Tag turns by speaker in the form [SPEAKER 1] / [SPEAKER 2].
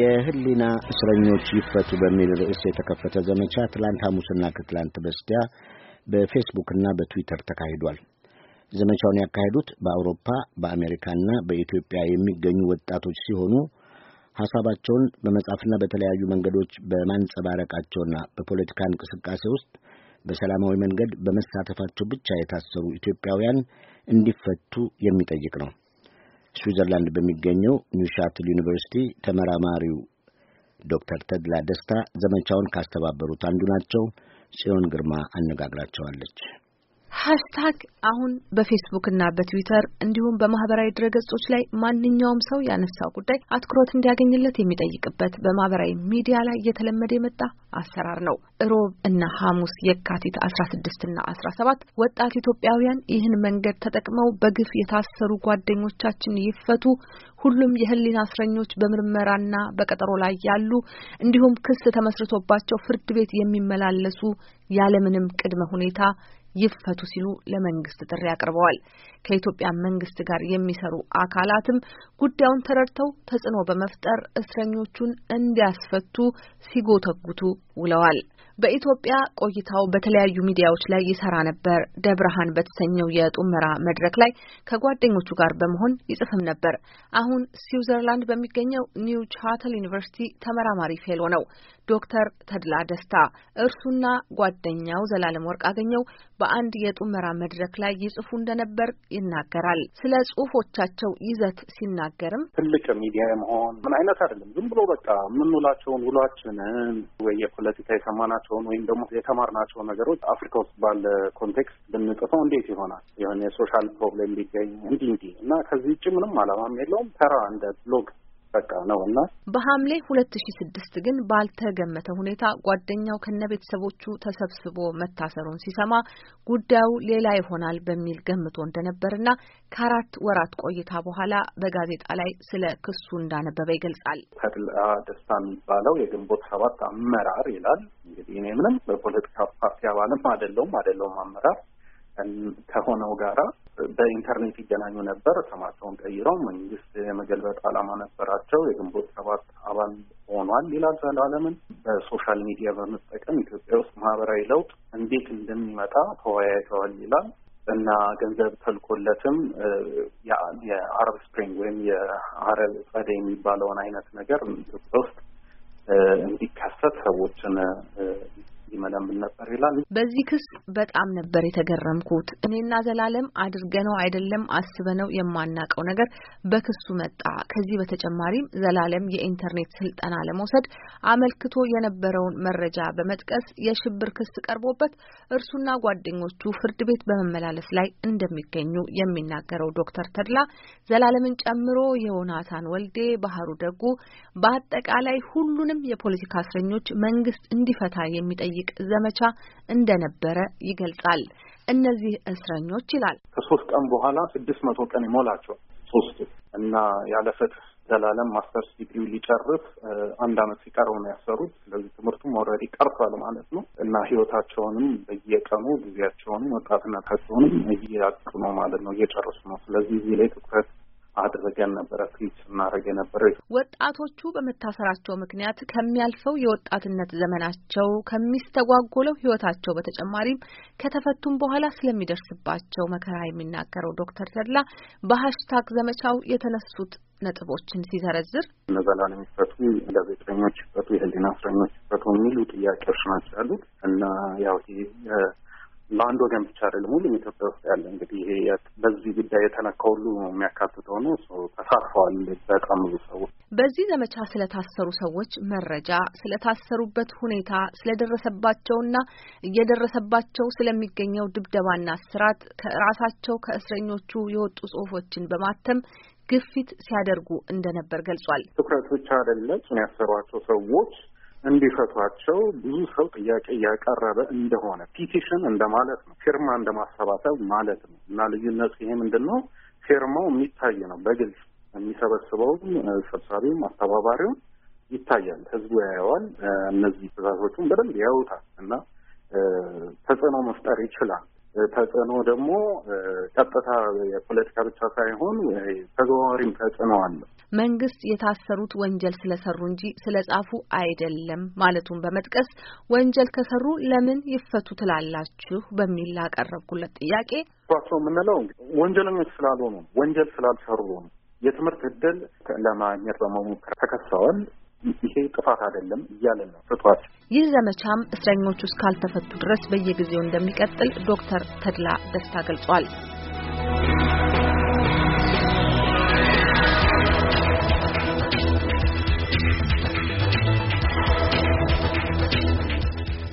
[SPEAKER 1] የህሊና እስረኞች ይፈቱ
[SPEAKER 2] በሚል ርዕስ የተከፈተ ዘመቻ ትላንት ሐሙስና ከትላንት በስቲያ በፌስቡክና በትዊተር ተካሂዷል። ዘመቻውን ያካሄዱት በአውሮፓ በአሜሪካና በኢትዮጵያ የሚገኙ ወጣቶች ሲሆኑ ሐሳባቸውን በመጻፍና በተለያዩ መንገዶች በማንጸባረቃቸውና በፖለቲካ እንቅስቃሴ ውስጥ በሰላማዊ መንገድ በመሳተፋቸው ብቻ የታሰሩ ኢትዮጵያውያን እንዲፈቱ የሚጠይቅ ነው። ስዊዘርላንድ በሚገኘው ኒውሻትል ዩኒቨርሲቲ ተመራማሪው ዶክተር ተድላ ደስታ ዘመቻውን ካስተባበሩት አንዱ ናቸው። ጽዮን ግርማ አነጋግራቸዋለች። ሀሽታግ አሁን በፌስቡክና በትዊተር እንዲሁም በማህበራዊ ድረገጾች ላይ ማንኛውም ሰው ያነሳው ጉዳይ አትኩሮት እንዲያገኝለት የሚጠይቅበት በማህበራዊ ሚዲያ ላይ እየተለመደ የመጣ አሰራር ነው። ሮብ እና ሐሙስ የካቲት አስራ ስድስት እና አስራ ሰባት ወጣት ኢትዮጵያውያን ይህን መንገድ ተጠቅመው በግፍ የታሰሩ ጓደኞቻችን ይፈቱ፣ ሁሉም የህሊና እስረኞች በምርመራና በቀጠሮ ላይ ያሉ እንዲሁም ክስ ተመስርቶባቸው ፍርድ ቤት የሚመላለሱ ያለምንም ቅድመ ሁኔታ ይፈቱ ሲሉ ለመንግስት ጥሪ አቅርበዋል። ከኢትዮጵያ መንግስት ጋር የሚሰሩ አካላትም ጉዳዩን ተረድተው ተጽዕኖ በመፍጠር እስረኞቹን እንዲያስፈቱ ሲጎተጉቱ ውለዋል። በኢትዮጵያ ቆይታው በተለያዩ ሚዲያዎች ላይ ይሰራ ነበር። ደብረሃን በተሰኘው የጡመራ መድረክ ላይ ከጓደኞቹ ጋር በመሆን ይጽፍም ነበር። አሁን ስዊዘርላንድ በሚገኘው ኒው ቻተል ዩኒቨርሲቲ ተመራማሪ ፌሎ ነው። ዶክተር ተድላ ደስታ እርሱና ጓደኛው ዘላለም ወርቅ አገኘው በአንድ የጡመራ መድረክ ላይ ይጽፉ እንደነበር ይናገራል። ስለ ጽሁፎቻቸው ይዘት ሲናገርም
[SPEAKER 1] ትልቅ ሚዲያ የመሆን ምን አይነት አይደለም። ዝም ብሎ በቃ የምንውላቸውን ውሏችንን ወይ የፖለቲካ የሰማናቸውን ወይም ደግሞ የተማርናቸው ነገሮች አፍሪካ ውስጥ ባለ ኮንቴክስት ብንጽፈው እንዴት ይሆናል? የሆነ የሶሻል ፕሮብሌም ሊገኝ እንዲህ እንዲህ እና ከዚህ ውጭ ምንም አላማም የለውም። ተራ እንደ ብሎግ በቃ ነው እና
[SPEAKER 2] በሐምሌ ሁለት ሺ ስድስት ግን ባልተገመተ ሁኔታ ጓደኛው ከነ ቤተሰቦቹ ተሰብስቦ መታሰሩን ሲሰማ ጉዳዩ ሌላ ይሆናል በሚል ገምቶ እንደነበርና ከአራት ወራት ቆይታ በኋላ በጋዜጣ ላይ ስለ ክሱ እንዳነበበ ይገልጻል።
[SPEAKER 1] ተድላ ደስታ የሚባለው የግንቦት ሰባት አመራር ይላል። እንግዲህ እኔ ምንም በፖለቲካ ፓርቲ አባልም አደለውም አደለውም አመራር ከሆነው ጋራ በኢንተርኔት ይገናኙ ነበር። ስማቸውን ቀይረው መንግስት የመገልበጥ አላማ ነበራቸው። የግንቦት ሰባት አባል ሆኗል ይላል ዘላለምን። በሶሻል ሚዲያ በመጠቀም ኢትዮጵያ ውስጥ ማህበራዊ ለውጥ እንዴት እንደሚመጣ ተወያይተዋል ይላል እና ገንዘብ ተልኮለትም የአረብ ስፕሪንግ ወይም የአረብ ጸደይ የሚባለውን አይነት ነገር ኢትዮጵያ ውስጥ እንዲከሰት ሰዎችን ይመለምል ነበር ይላል።
[SPEAKER 2] በዚህ ክስ በጣም ነበር
[SPEAKER 1] የተገረምኩት።
[SPEAKER 2] እኔና ዘላለም አድርገነው አይደለም አስበነው የማናቀው ነገር በክሱ መጣ። ከዚህ በተጨማሪም ዘላለም የኢንተርኔት ስልጠና ለመውሰድ አመልክቶ የነበረውን መረጃ በመጥቀስ የሽብር ክስ ቀርቦበት እርሱና ጓደኞቹ ፍርድ ቤት በመመላለስ ላይ እንደሚገኙ የሚናገረው ዶክተር ተድላ ዘላለምን ጨምሮ የዮናታን ወልዴ፣ ባህሩ ደጉ በአጠቃላይ ሁሉንም የፖለቲካ እስረኞች መንግስት እንዲፈታ የሚጠይቅ ዘመቻ እንደነበረ ይገልጻል። እነዚህ እስረኞች ይላል
[SPEAKER 1] ከሶስት ቀን በኋላ ስድስት መቶ ቀን ይሞላቸው ሶስት እና ያለ ፍትህ ዘላለም ማስተርስ ዲግሪ ሊጨርስ አንድ አመት ሲቀረው ነው ያሰሩት። ስለዚህ ትምህርቱም ኦልሬዲ ቀርቷል ማለት ነው እና ህይወታቸውንም በየቀኑ ጊዜያቸውንም ወጣትነታቸውንም እያጡ ነው ማለት ነው፣ እየጨረሱ ነው። ስለዚህ እዚህ ላይ ትኩረት አድርገን ነበረ ፊት ስናደርግ የነበረው።
[SPEAKER 2] ወጣቶቹ በመታሰራቸው ምክንያት ከሚያልፈው የወጣትነት ዘመናቸው ከሚስተጓጎለው ህይወታቸው በተጨማሪም ከተፈቱም በኋላ ስለሚደርስባቸው መከራ የሚናገረው ዶክተር ተድላ በሀሽታግ ዘመቻው የተነሱት ነጥቦችን ሲዘረዝር
[SPEAKER 1] ነዘላን የሚፈቱ ጋዜጠኞች ይፈቱ፣ የህሊና እስረኞች ይፈቱ የሚሉ ጥያቄዎች ናቸው ያሉት እና ያው ለአንድ ወገን ብቻ አይደለም፣ ሁሉም ኢትዮጵያ ውስጥ ያለ እንግዲህ ይሄ በዚህ ጉዳይ የተነካ ሁሉ የሚያካትተው ነው። ተሳትፈዋል በጣም ብዙ ሰዎች።
[SPEAKER 2] በዚህ ዘመቻ ስለታሰሩ ሰዎች መረጃ፣ ስለታሰሩበት ሁኔታ፣ ስለደረሰባቸውና እየደረሰባቸው ስለሚገኘው ድብደባና ስራት ከራሳቸው ከእስረኞቹ የወጡ ጽሁፎችን በማተም ግፊት
[SPEAKER 1] ሲያደርጉ እንደነበር ገልጿል። ትኩረት ብቻ አይደለም ያሰሯቸው ሰዎች እንዲፈቷቸው ብዙ ሰው ጥያቄ እያቀረበ እንደሆነ ፒቲሽን እንደማለት ነው፣ ፊርማ እንደማሰባሰብ ማለት ነው። እና ልዩነቱ ይሄ ምንድን ነው? ፊርማው የሚታይ ነው በግልጽ የሚሰበስበውም ሰብሳቢውም አስተባባሪውም ይታያል። ህዝቡ ያየዋል። እነዚህ ትእዛዞቹን በደንብ ያዩታል እና ተጽዕኖ መፍጠር ይችላል። ተጽዕኖ ደግሞ ቀጥታ የፖለቲካ ብቻ ሳይሆን ተዘዋዋሪም ተጽዕኖ አለው።
[SPEAKER 2] መንግስት የታሰሩት ወንጀል ስለሰሩ እንጂ ስለጻፉ አይደለም ማለቱን በመጥቀስ ወንጀል ከሰሩ ለምን ይፈቱ ትላላችሁ በሚል ላቀረብኩለት
[SPEAKER 1] ጥያቄ ቸው የምንለው ወንጀለኞች ስላልሆኑ ወንጀል ስላልሰሩ ነው። የትምህርት እድል ለማግኘት በመሞከር ተከሰዋል። ይሄ ጥፋት አይደለም እያለ ነው ፍቷት።
[SPEAKER 2] ይህ ዘመቻም እስረኞቹ እስካልተፈቱ ድረስ በየጊዜው እንደሚቀጥል ዶክተር ተድላ ደስታ ገልጿል።